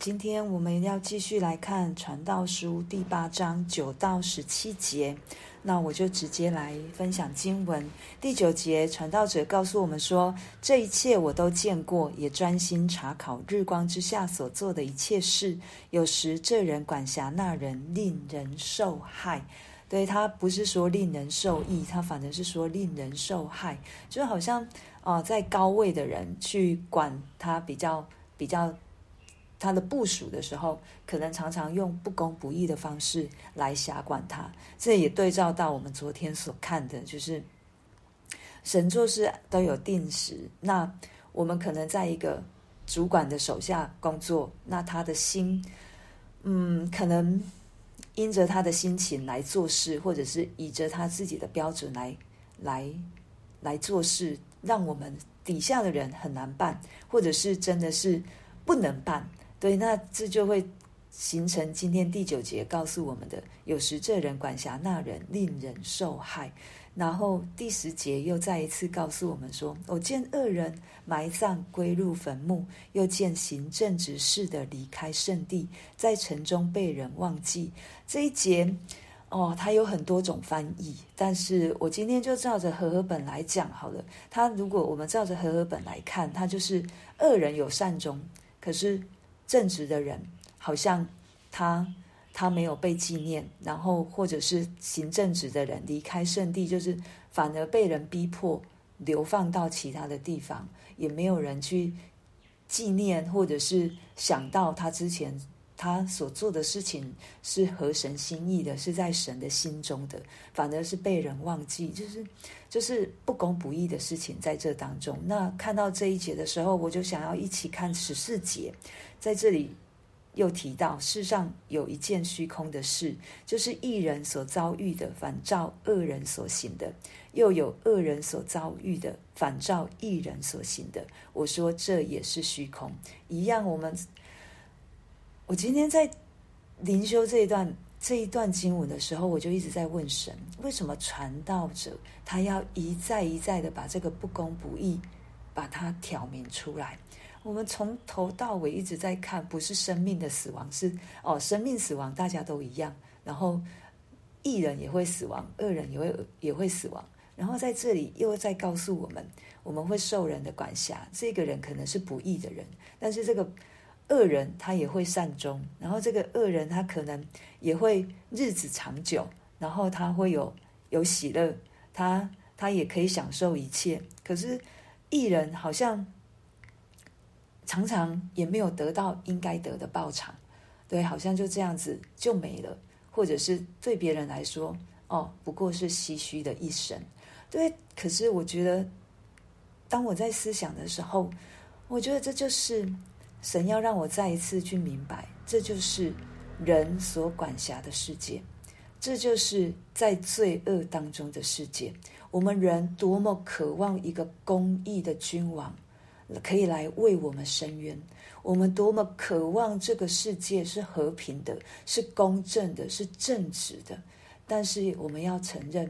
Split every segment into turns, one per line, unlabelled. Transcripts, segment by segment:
今天我們要繼續來看《傳道書》第八章九到十七節，那我就直接來分享經文第九節。傳道者告訴我們說：“這一切我都見過，也專心查考日光之下所做的一切事。有時這人管轄那人，令人受害。對他不是說令人受益，他反正是說令人受害。就好像啊、呃，在高位的人去管他比較，比較比較。”他的部署的時候，可能常常用不公不義的方式來轄管他。這也對照到我們昨天所看的，就是神做事都有定時。那我們可能在一個主管的手下工作，那他的心，嗯，可能因着他的心情來做事，或者是以着他自己的標準來來來做事，讓我們底下的人很難辦，或者是真的是不能辦。對，那這就會形成今天第九節告訴我們的：有時這人管轄那人，令人受害。然後第十節又再一次告訴我們說：“我、哦、見惡人埋葬，歸入墳墓；又見行正直事的離開聖地，在城中被人忘記。”這一節哦，它有很多種翻譯，但是我今天就照着和合本來講好了。它如果我們照着和合本來看，它就是惡人有善終，可是。正直的人，好像他他沒有被紀念，然後或者是行正直的人離開聖地，就是反而被人逼迫流放到其他的地方，也沒有人去紀念，或者是想到他之前。他所做的事情是合神心意的，是在神的心中的，反而是被人忘記，就是就是不公不義的事情在這當中。那看到這一節的時候，我就想要一起看十四節，在這裡又提到世上有一件虛空的事，就是義人所遭遇的反照惡人所行的，又有惡人所遭遇的反照義人所行的。我說這也是虛空一樣，我們。我今天在靈修這一段這一段經文的時候，我就一直在問神：為什麼傳道者他要一再一再的把這個不公不義把它挑明出來？我們從頭到尾一直在看，不是生命的死亡，是哦，生命死亡大家都一樣，然後義人也會死亡，惡人也會也會死亡。然後在這裡又在告訴我們：我們會受人的管轄，這個人可能是不義的人，但是這個。惡人他也會善終，然後這個惡人他可能也會日子長久，然後他會有有喜樂，他他也可以享受一切。可是義人好像常常也沒有得到應該得的報償，對，好像就這樣子就沒了，或者是對別人來說，哦，不過是唏噓的一生。對，可是我覺得，當我在思想的時候，我覺得這就是。神要讓我再一次去明白，這就是人所管轄的世界，這就是在罪惡當中的世界。我們人多麼渴望一個公義的君王可以來為我們伸冤，我們多麼渴望這個世界是和平的、是公正的、是正直的。但是我們要承認，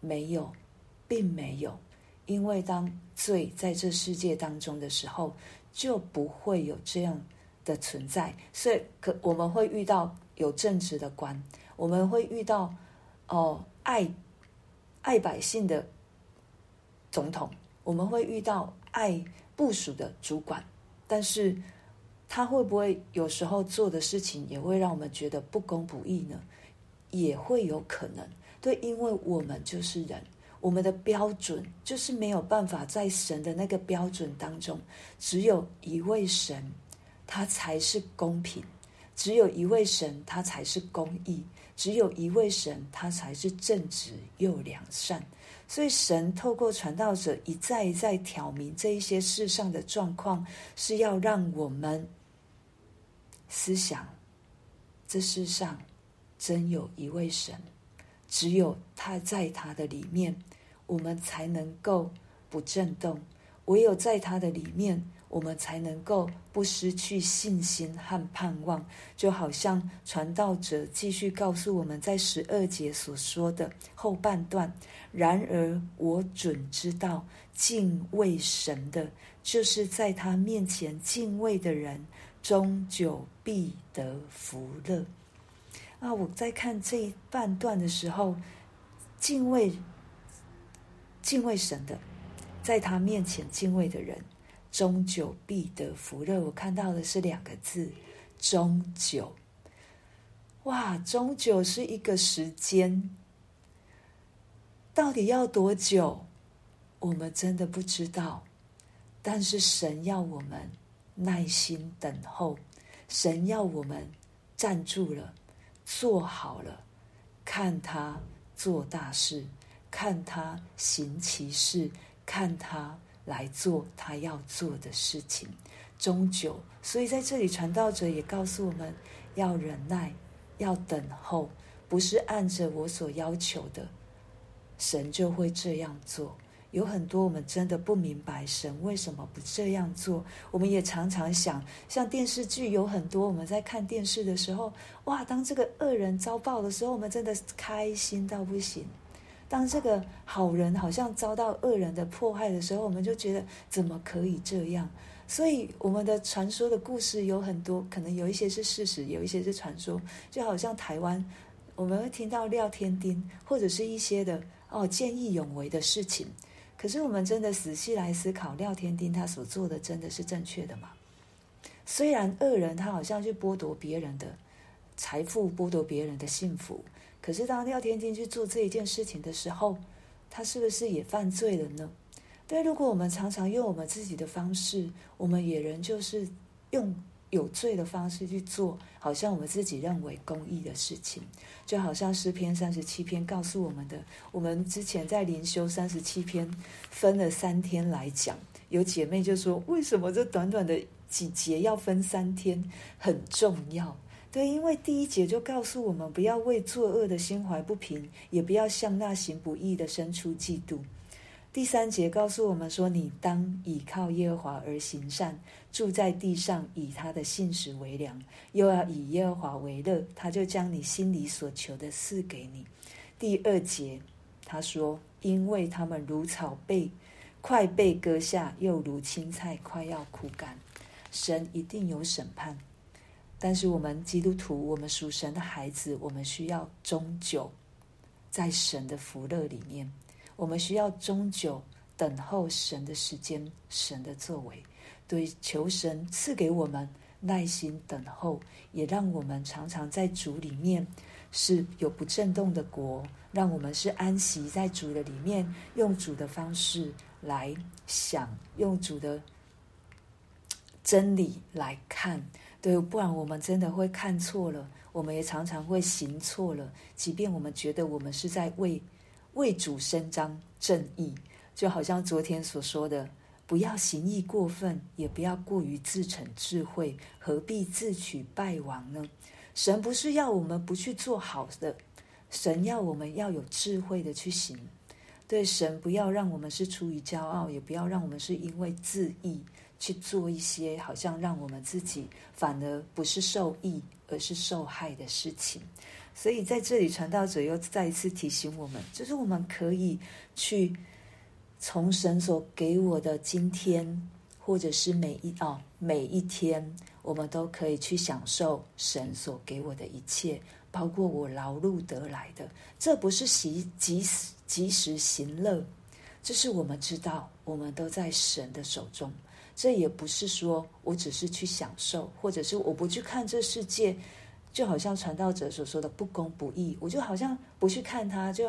沒有，並沒有，因為當罪在這世界當中的時候。就不會有這樣的存在，所以可我們會遇到有正直的官，我們會遇到哦愛愛百姓的總統，我們會遇到愛部屬的主管，但是他會不會有時候做的事情也會讓我們覺得不公不義呢？也會有可能，對，因為我們就是人。我們的標準就是沒有辦法在神的那個標準當中，只有一位神，他才是公平；只有一位神，他才是公義；只有一位神，他才是正直又良善。所以，神透過傳道者一再一再挑明這一些世上的狀況，是要讓我們思想：這世上真有一位神。只有他在他的裡面，我們才能夠不震動；唯有在他的裡面，我們才能夠不失去信心和盼望。就好像傳道者繼續告訴我們在十二節所說的後半段：“然而我準知道，敬畏神的，就是在他面前敬畏的人，終久必得福樂。”啊！那我在看這一半段的時候，敬畏、敬畏神的，在他面前敬畏的人，終久必得福樂，我看到的是兩個字「終久」。哇！「終久」是一個時間，到底要多久？我們真的不知道。但是神要我們耐心等候，神要我們站住了。做好了，看他做大事，看他行其事，看他來做他要做的事情，終究。所以在這裡，傳道者也告訴我們要忍耐，要等候，不是按着我所要求的，神就會這樣做。有很多我們真的不明白，神為什麼不這樣做？我們也常常想，像電視劇有很多，我們在看電視的時候，哇，當這個惡人遭報的時候，我們真的開心到不行；當這個好人好像遭到惡人的迫害的時候，我們就覺得怎麼可以這樣？所以我們的傳說的故事有很多，可能有一些是事實，有一些是傳說。就好像台灣，我們會聽到廖添丁或者是一些的哦見義勇為的事情。可是我們真的仔細來思考，廖天丁他所做的真的是正確的嗎？雖然惡人他好像去剝奪別人的財富，剝奪別人的幸福，可是當廖天丁去做這一件事情的時候，他是不是也犯罪了呢？對，如果我們常常用我們自己的方式，我們也人就是用有罪的方式去做，好像我們自己認為公義的事情，就好像詩篇三十七篇告訴我們的。我們之前在靈修三十七篇分了三天來講，有姐妹就說：為什麼這短短的幾節要分三天？很重要，對，因為第一節就告訴我們，不要為作惡的心懷不平，也不要向那行不義的生出嫉妒。第三節告訴我們說：“你當倚靠耶和華而行善，住在地上，以他的信實為糧；又要以耶和華為樂，他就將你心裡所求的賜給你。”第二節他說：“因為他們如草被快被割下，又如青菜快要枯乾，神一定有審判。但是我們基督徒，我們屬神的孩子，我們需要終久在神的福樂裡面。”我們需要終究等候神的時間，神的作為，對，求神賜給我們耐心等候，也讓我們常常在主裡面是有不震動的國，讓我們是安息在主的裡面，用主的方式來想，用主的真理來看，對，不然我們真的會看錯了，我們也常常會行錯了，即便我們覺得我們是在為為主伸張正義，就好像昨天所說的，不要行義過分，也不要過於自逞智慧，何必自取敗亡呢？神不是要我們不去做好的，神要我們要有智慧的去行。對神，不要讓我們是出於驕傲，也不要讓我們是因為自義去做一些好像讓我們自己反而不是受益，而是受害的事情。所以在這裡，傳道者又再一次提醒我們，就是我們可以去從神所給我的今天，或者是每一哦每一天，我們都可以去享受神所給我的一切，包括我勞碌得來的。這不是及時行樂，這是我們知道我們都在神的手中。這也不是說，我只是去享受，或者是我不去看這世界。就好像傳道者所說的不公不義，我就好像不去看他，就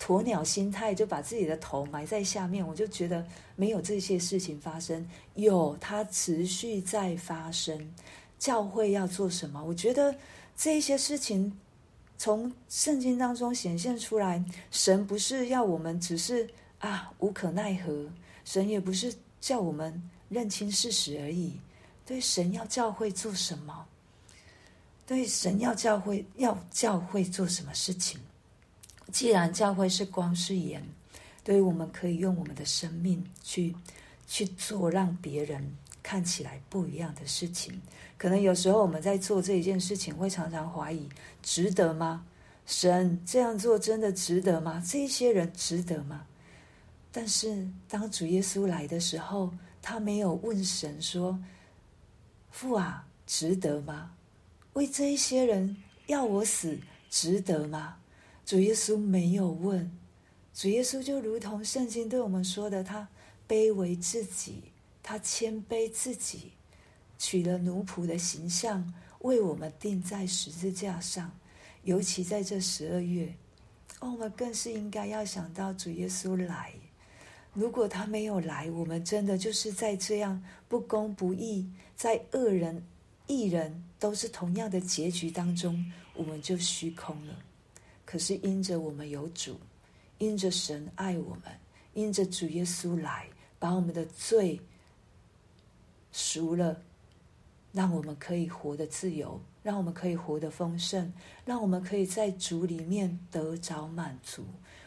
鴕鳥心態，就把自己的頭埋在下面。我就覺得沒有這些事情發生，有它持續在發生。教會要做什麼？我覺得這些事情從聖經當中顯現出來，神不是要我們只是啊無可奈何，神也不是叫我們認清事實而已。對，神要教會做什麼？對於神要教會要教會做什麼事情？既然教會是光是鹽，對於我們可以用我們的生命去去做，讓別人看起來不一樣的事情。可能有時候我們在做這一件事情，會常常懷疑，值得嗎？神這樣做真的值得嗎？這一些人值得嗎？但是當主耶穌來的時候，他沒有問神說：“父啊，值得嗎？”為這一些人要我死，值得嗎？主耶穌沒有問。主耶穌就如同聖經對我們說的，他卑微自己，他謙卑自己，取了奴僕的形象，為我們釘在十字架上。尤其在這十二月，我們更是應該要想到主耶穌來。如果他沒有來，我們真的就是在這樣不公不義，在惡人義人，都是同樣的結局當中，我們就虛空了。可是因着我們有主，因着神愛我們，因着主耶穌來把我們的罪贖了，讓我們可以活得自由，讓我們可以活得豐盛，讓我們可以在主裡面得着滿足。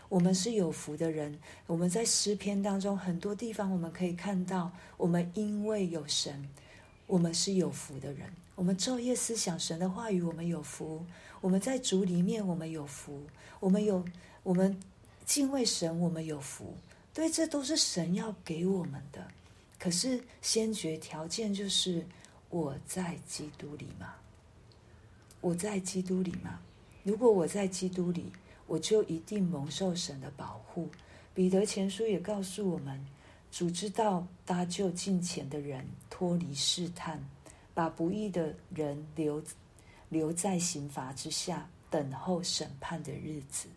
我們是有福的人。我們在詩篇當中很多地方，我們可以看到，我們因為有神。我們是有福的人，我們晝夜思想神的話語，我們有福；我們在主裡面，我們有福；我們有我們敬畏神，我們有福。對，這都是神要給我們的。可是先決條件就是我在基督裡嗎？我在基督裡嗎？如果我在基督裡，我就一定蒙受神的保護。彼得前書也告訴我們。主知道搭救敬虔的人脫離試探，把不義的人留留在刑罰之下，等候審判的日子，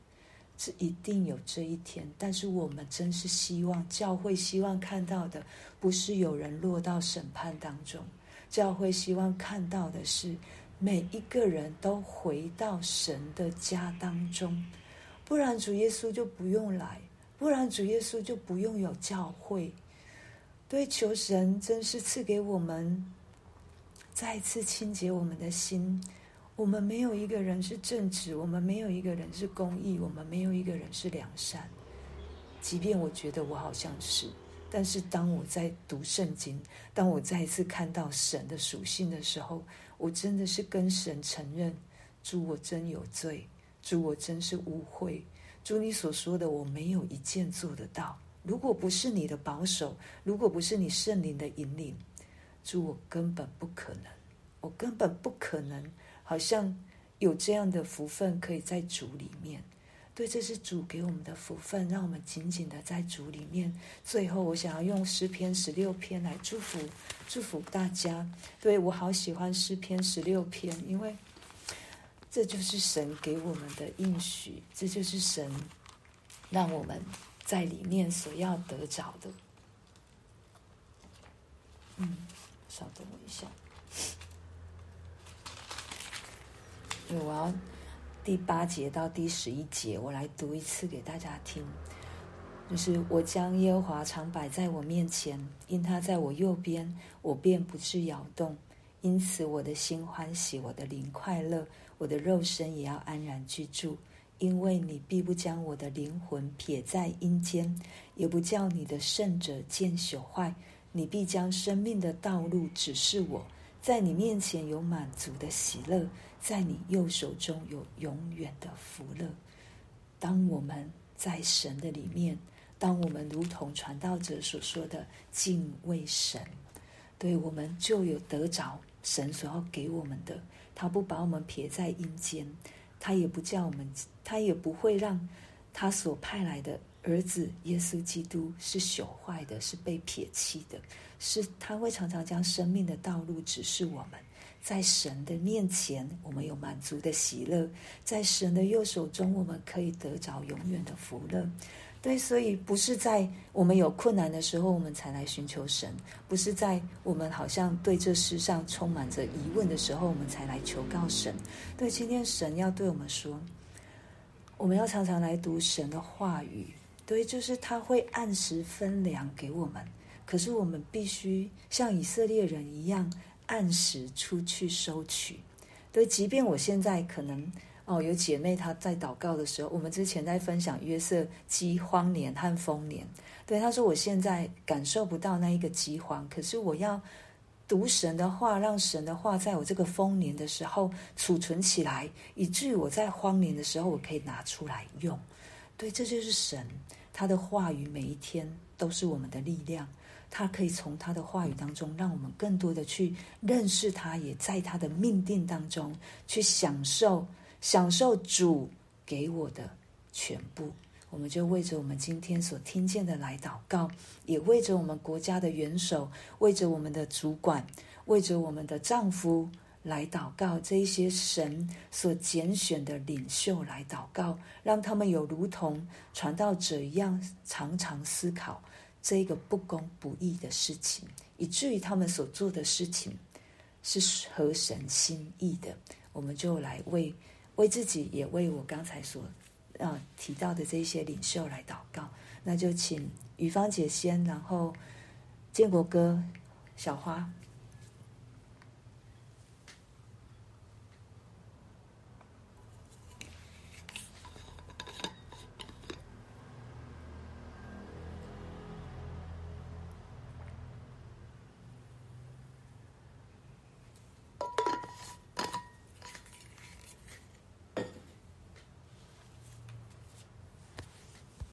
這一定有這一天。但是我們真是希望教會希望看到的，不是有人落到審判當中，教會希望看到的是每一個人都回到神的家當中，不然主耶穌就不用來。不然，主耶穌就不用有教會。對，求神真是賜給我們再一次清潔我們的心。我們沒有一個人是正直，我們沒有一個人是公義，我們沒有一個人是良善。即便我覺得我好像是，但是當我在讀聖經，當我再一次看到神的屬性的時候，我真的是跟神承認：主，我真有罪；主，我真是污穢。主，你所說的我沒有一件做得到。如果不是你的保守，如果不是你聖靈的引領，主，我根本不可能，我根本不可能，好像有這樣的福分可以在主裡面。對，這是主給我們的福分，讓我們緊緊的在主裡面。最後，我想要用詩篇十六篇來祝福，祝福大家。對，我好喜歡詩篇十六篇，因為。這就是神給我們的應許，這就是神讓我們在裡面所要得着的。嗯，稍等我一下。我要第八節到第十一節，我來讀一次給大家聽。就是我將耶和華常擺在我面前，因他在我右邊，我便不至搖動。因此，我的心歡喜，我的靈快樂。我的肉身也要安然居住，因為你必不將我的靈魂撇在陰間，也不叫你的聖者見朽壞。你必將生命的道路指示我，在你面前有滿足的喜樂，在你右手中有永遠的福樂。當我們在神的裡面，當我們如同傳道者所說的敬畏神，對我們就有得着神所要給我們的。他不把我們撇在陰間，他也不叫我們，他也不會讓他所派來的兒子耶穌基督是朽壞的，是被撇棄的，是他會常常將生命的道路指示我們。在神的面前，我們有滿足的喜樂；在神的右手中，我們可以得着永遠的福樂。對，所以不是在我們有困難的時候，我們才來尋求神；不是在我們好像對這世上充滿着疑問的時候，我們才來求告神。對，今天神要對我們說，我們要常常來讀神的話語。對，就是他會按時分糧給我們，可是我們必須像以色列人一樣。按時出去收取，對。即便我現在可能哦，有姐妹她在禱告的時候，我們之前在分享約瑟饑荒年和豐年，對。她說我現在感受不到那一個饑荒，可是我要讀神的話，讓神的話在我這個豐年的時候儲存起來，以至於我在荒年的時候，我可以拿出來用。對，這就是神，他的話語每一天都是我們的力量。他可以從他的話語當中，讓我們更多的去認識他，也在他的命定當中去享受享受主給我的全部。我們就為着我們今天所聽見的來禱告，也為着我們國家的元首，為着我們的主管，為着我們的丈夫來禱告。這一些神所揀選的領袖來禱告，讓他們有如同傳道者一樣常常思考。這個不公不義的事情，以至於他們所做的事情是合神心意的，我們就來為為自己，也為我剛才所啊提到的這些領袖來禱告。那就請於芳姐先，然後建國哥、小花。